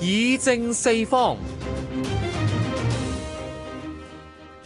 議政四方。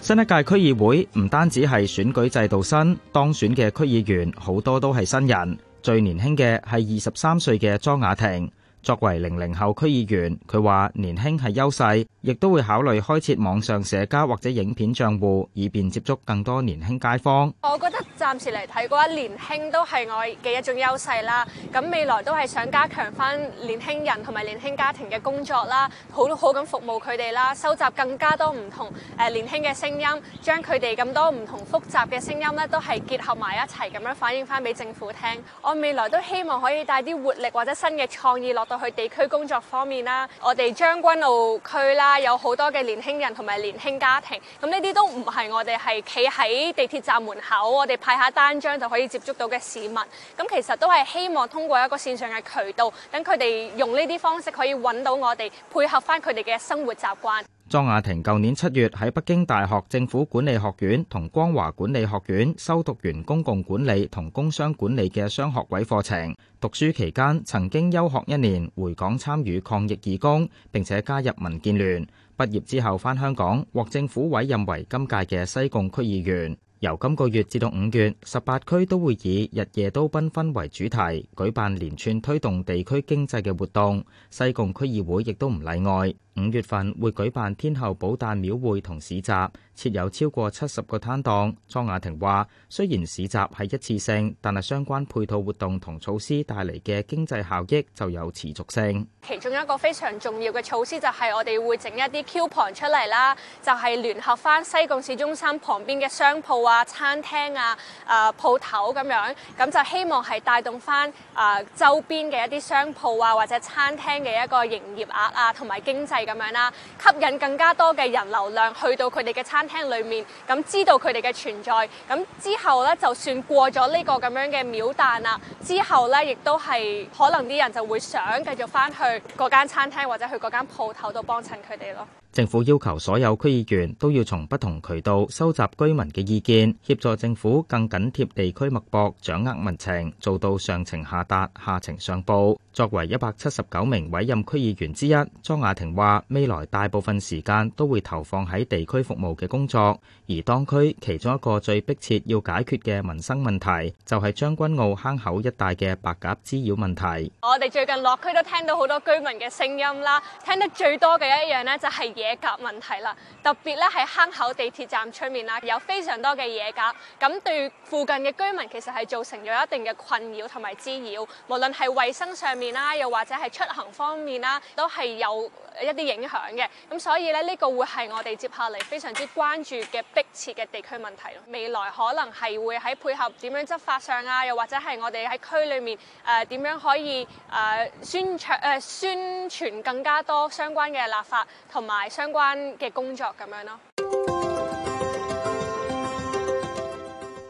新一屆區議會唔單止係選舉制度新，當選嘅區議員好多都係新人，最年輕嘅係二十三歲嘅莊雅婷。作為零零後區議員，佢話年輕係優勢，亦都會考慮開設網上社交或者影片帳戶，以便接觸更多年輕街坊。我覺得暫時嚟睇過，年輕都係我嘅一種優勢啦。咁未來都係想加強翻年輕人同埋年輕家庭嘅工作啦，好好咁服務佢哋啦，收集更加多唔同誒年輕嘅聲音，將佢哋咁多唔同複雜嘅聲音咧，都係結合埋一齊咁樣反映翻俾政府聽。我未來都希望可以帶啲活力或者新嘅創意落到去地區工作方面啦，我哋將軍澳區啦，有好多嘅年輕人同埋年輕家庭，咁呢啲都唔係我哋係企喺地鐵站門口，我哋派下單張就可以接觸到嘅市民，咁其實都係希望通過一個線上嘅渠道，等佢哋用呢啲方式可以揾到我哋，配合翻佢哋嘅生活習慣。莊雅婷舊年七月喺北京大學政府管理學院同光華管理學院修讀完公共管理同工商管理嘅雙學位課程。讀書期間曾經休學一年，回港參與抗疫義工，並且加入民建聯。畢業之後返香港，獲政府委任為今屆嘅西貢區議員。由今個月至到五月，十八區都會以日夜都繽紛，紛為主題，舉辦連串推動地區經濟嘅活動，西貢區議會亦都唔例外。五月份會舉辦天后寶誕廟會同市集，設有超過七十個攤檔。莊雅婷話：雖然市集係一次性，但係相關配套活動同措施帶嚟嘅經濟效益就有持續性。其中一個非常重要嘅措施就係我哋會整一啲 coupon 出嚟啦，就係、是、聯合翻西貢市中心旁邊嘅商鋪啊、餐廳啊、誒鋪頭咁樣，咁就希望係帶動翻誒周邊嘅一啲商鋪啊或者餐廳嘅一個營業額啊同埋經濟。咁樣啦，吸引更加多嘅人流量去到佢哋嘅餐廳裏面，咁知道佢哋嘅存在，咁之後咧就算過咗呢個咁樣嘅秒彈啊，之後咧亦都係可能啲人就會想繼續翻去嗰間餐廳或者去嗰間鋪頭度幫襯佢哋咯。政府要求所有區議員都要從不同渠道收集居民嘅意見，協助政府更緊貼地區脈搏，掌握民情，做到上情下達、下情上報。作為一百七十九名委任區議員之一，莊雅婷話：未來大部分時間都會投放喺地區服務嘅工作。而當區其中一個最迫切要解決嘅民生問題，就係將軍澳坑口一帶嘅白鴿滋擾問題。我哋最近落區都聽到好多居民嘅聲音啦，聽得最多嘅一樣咧就係野鴿問題啦，特別咧喺坑口地鐵站出面啦，有非常多嘅野鴿。咁對附近嘅居民其實係造成咗一定嘅困擾同埋滋擾，無論係衛生上面啦，又或者係出行方面啦，都係有一啲影響嘅。咁所以咧，呢、這個會係我哋接下嚟非常之關注嘅迫切嘅地區問題咯。未來可能係會喺配合點樣執法上啊，又或者係我哋喺區裏面誒點、呃、樣可以誒、呃、宣傳誒、呃、宣傳更加多相關嘅立法同埋，相關嘅工作咁樣咯。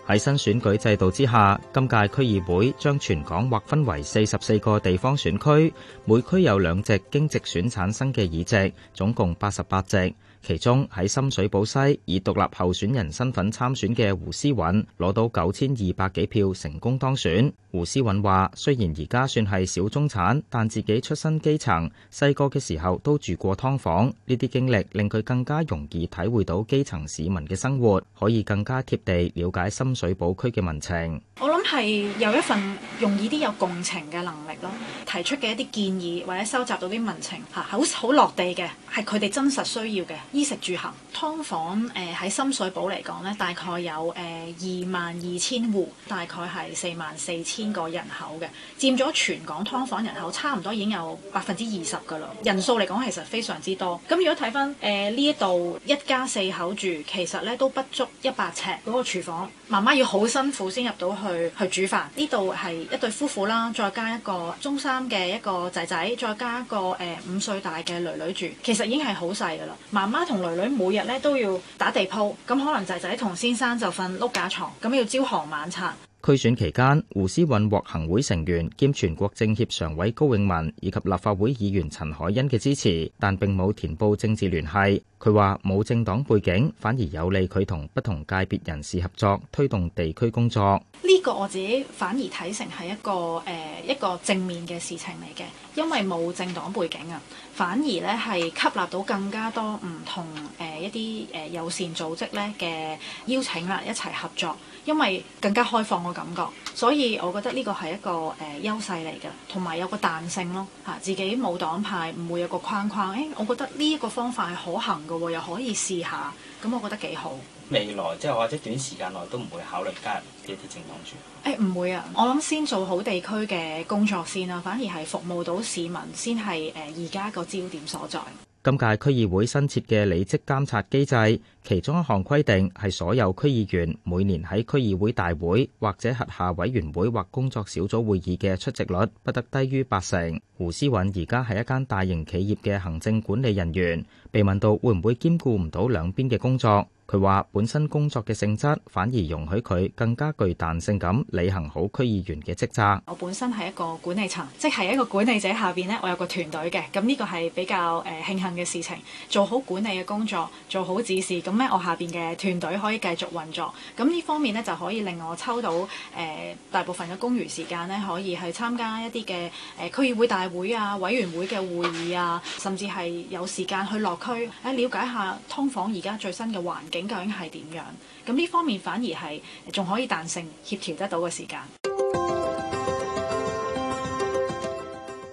喺新選舉制度之下，今屆區議會將全港劃分為四十四個地方選區，每區有兩席經直選產生嘅議席，總共八十八席。其中喺深水埗西以獨立候選人身份參選嘅胡詩韻攞到九千二百幾票，成功當選。胡詩韻話：雖然而家算係小中產，但自己出身基層，細個嘅時候都住過劏房，呢啲經歷令佢更加容易體會到基層市民嘅生活，可以更加貼地了解深水埗區嘅民情。我諗係有一份容易啲有共情嘅能力咯，提出嘅一啲建議或者收集到啲民情嚇，好好落地嘅，係佢哋真實需要嘅。衣食住行，劏房誒喺、呃、深水埗嚟講咧，大概有誒二萬二千戶，大概係四萬四千個人口嘅，佔咗全港劏房人口差唔多已經有百分之二十嘅啦。人數嚟講其實非常之多。咁如果睇翻誒呢一度一家四口住，其實咧都不足一百尺嗰個廚房，媽媽要好辛苦先入到去去煮飯。呢度係一對夫婦啦，再加一個中三嘅一個仔仔，再加一個誒五歲大嘅女女住，其實已經係好細嘅啦。媽媽同女女每日咧都要打地鋪，咁可能仔仔同先生就瞓碌架床，咁要朝行晚拆。區選期間，胡詩韻獲行會成員兼全國政協常委高永文以及立法會議員陳海欣嘅支持，但並冇填報政治聯繫。佢話冇政黨背景，反而有利佢同不同界別人士合作，推動地區工作。呢個我自己反而睇成係一個誒、呃、一個正面嘅事情嚟嘅，因為冇政黨背景啊。反而咧係吸納到更加多唔同誒一啲誒友善組織咧嘅邀請啦，一齊合作，因為更加開放嘅感覺，所以我覺得呢個係一個誒優勢嚟嘅，同埋有個彈性咯嚇，自己冇黨派唔會有個框框，誒、哎，我覺得呢一個方法係可行嘅喎，又可以試下，咁我覺得幾好。未來即係或者短時間內都唔會考慮加入呢啲政黨處。誒唔、哎、會啊！我諗先做好地區嘅工作先啦、啊，反而係服務到市民先係誒而家個焦點所在。今屆區議會新設嘅履職監察機制。其中一項規定係所有區議員每年喺區議會大會或者轄下委員會或工作小組會議嘅出席率不得低於八成。胡詩韻而家係一間大型企業嘅行政管理人員，被問到會唔會兼顧唔到兩邊嘅工作，佢話本身工作嘅性質反而容許佢更加具彈性咁履行好區議員嘅職責。我本身係一個管理層，即係一個管理者下邊呢，我有個團隊嘅，咁呢個係比較誒慶幸嘅事情，做好管理嘅工作，做好指示咁。咁我下邊嘅團隊可以繼續運作，咁呢方面呢，就可以令我抽到誒、呃、大部分嘅公餘時間呢可以去參加一啲嘅誒區議會大會啊、委員會嘅會議啊，甚至係有時間去落區，誒了解一下劏房而家最新嘅環境究竟係點樣。咁呢方面反而係仲可以彈性協調得到嘅時間。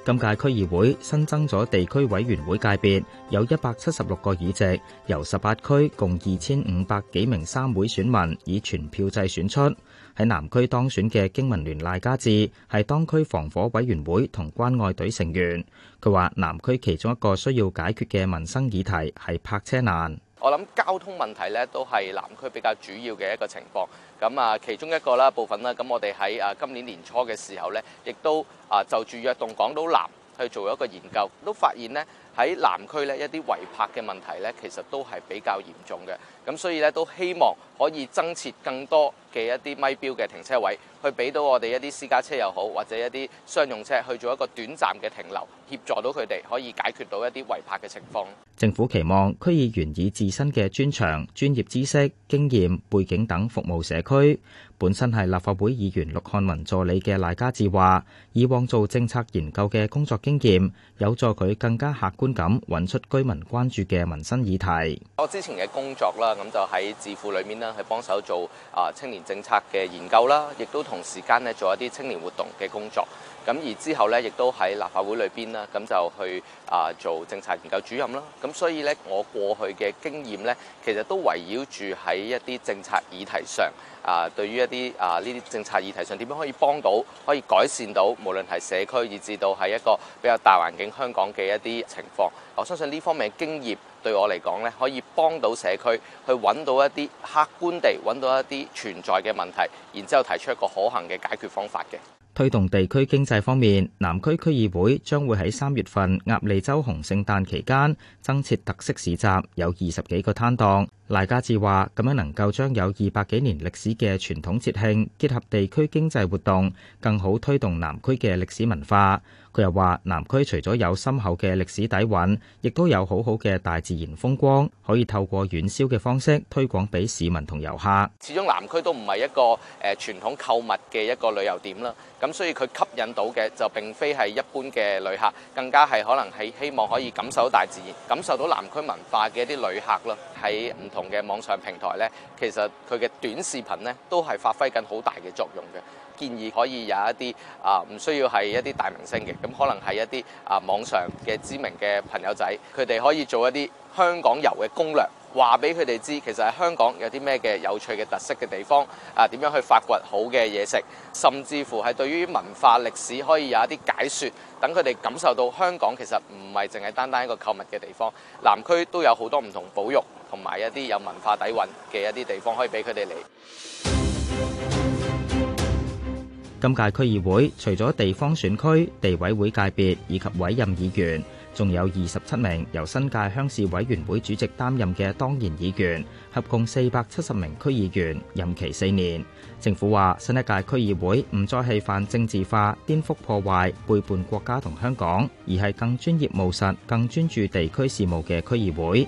今屆區議會新增咗地區委員會界別，有一百七十六個議席，由十八區共二千五百幾名三會選民以全票制選出。喺南區當選嘅經民聯賴家智係當區防火委員會同關愛隊成員，佢話南區其中一個需要解決嘅民生議題係泊車難。我諗交通問題咧都係南區比較主要嘅一個情況，咁啊其中一個啦部分啦，咁我哋喺啊今年年初嘅時候咧，亦都啊就住躍動港島南去做一個研究，都發現咧。喺南區呢，一啲違泊嘅問題呢，其實都係比較嚴重嘅。咁所以呢，都希望可以增設更多嘅一啲咪錶嘅停車位，去俾到我哋一啲私家車又好，或者一啲商用車去做一個短暫嘅停留，協助到佢哋可以解決到一啲違泊嘅情況。政府期望區議員以自身嘅專長、專業知識、經驗、背景等服務社區。本身係立法會議員陸漢文助理嘅賴家智話：以往做政策研究嘅工作經驗，有助佢更加客觀。咁揾出居民關注嘅民生議題。我之前嘅工作啦，咁就喺智庫裏面咧，係幫手做啊青年政策嘅研究啦，亦都同時間咧做一啲青年活動嘅工作。咁而之後咧，亦都喺立法會裏邊啦，咁就去啊做政策研究主任啦。咁所以咧，我過去嘅經驗咧，其實都圍繞住喺一啲政策議題上啊，對於一啲啊呢啲政策議題上點樣可以幫到，可以改善到，無論係社區以至到係一個比較大環境香港嘅一啲情況。我相信呢方面嘅經驗對我嚟講咧，可以幫到社區去揾到一啲客觀地揾到一啲存在嘅問題，然之後提出一個可行嘅解決方法嘅。推動地區經濟方面，南區區議會將會喺三月份鴨脷洲紅聖誕期間增設特色市集，有二十幾個攤檔。賴家智話：咁樣能夠將有二百幾年歷史嘅傳統節慶結合地區經濟活動，更好推動南區嘅歷史文化。佢又話：南區除咗有深厚嘅歷史底蘊，亦都有好好嘅大自然風光，可以透過軟銷嘅方式推廣俾市民同遊客。始終南區都唔係一個誒傳統購物嘅一個旅遊點啦，咁所以佢吸引到嘅就並非係一般嘅旅客，更加係可能係希望可以感受到大自然、感受到南區文化嘅一啲旅客咯，喺唔同嘅網上平台呢，其實佢嘅短視頻呢都係發揮緊好大嘅作用嘅。建議可以有一啲啊，唔需要係一啲大明星嘅，咁可能係一啲啊網上嘅知名嘅朋友仔，佢哋可以做一啲香港遊嘅攻略，話俾佢哋知其實喺香港有啲咩嘅有趣嘅特色嘅地方啊，點樣去發掘好嘅嘢食，甚至乎係對於文化歷史可以有一啲解說，等佢哋感受到香港其實唔係淨係單單一個購物嘅地方。南區都有好多唔同保育。同埋一啲有文化底蘊嘅一啲地方，可以俾佢哋嚟。今屆區議會除咗地方選區、地委會界別以及委任議員，仲有二十七名由新界鄉事委員會主席擔任嘅當然議員，合共四百七十名區議員，任期四年。政府話，新一屆區議會唔再係泛政治化、顛覆破壞、背叛國家同香港，而係更專業務實、更專注地區事務嘅區議會。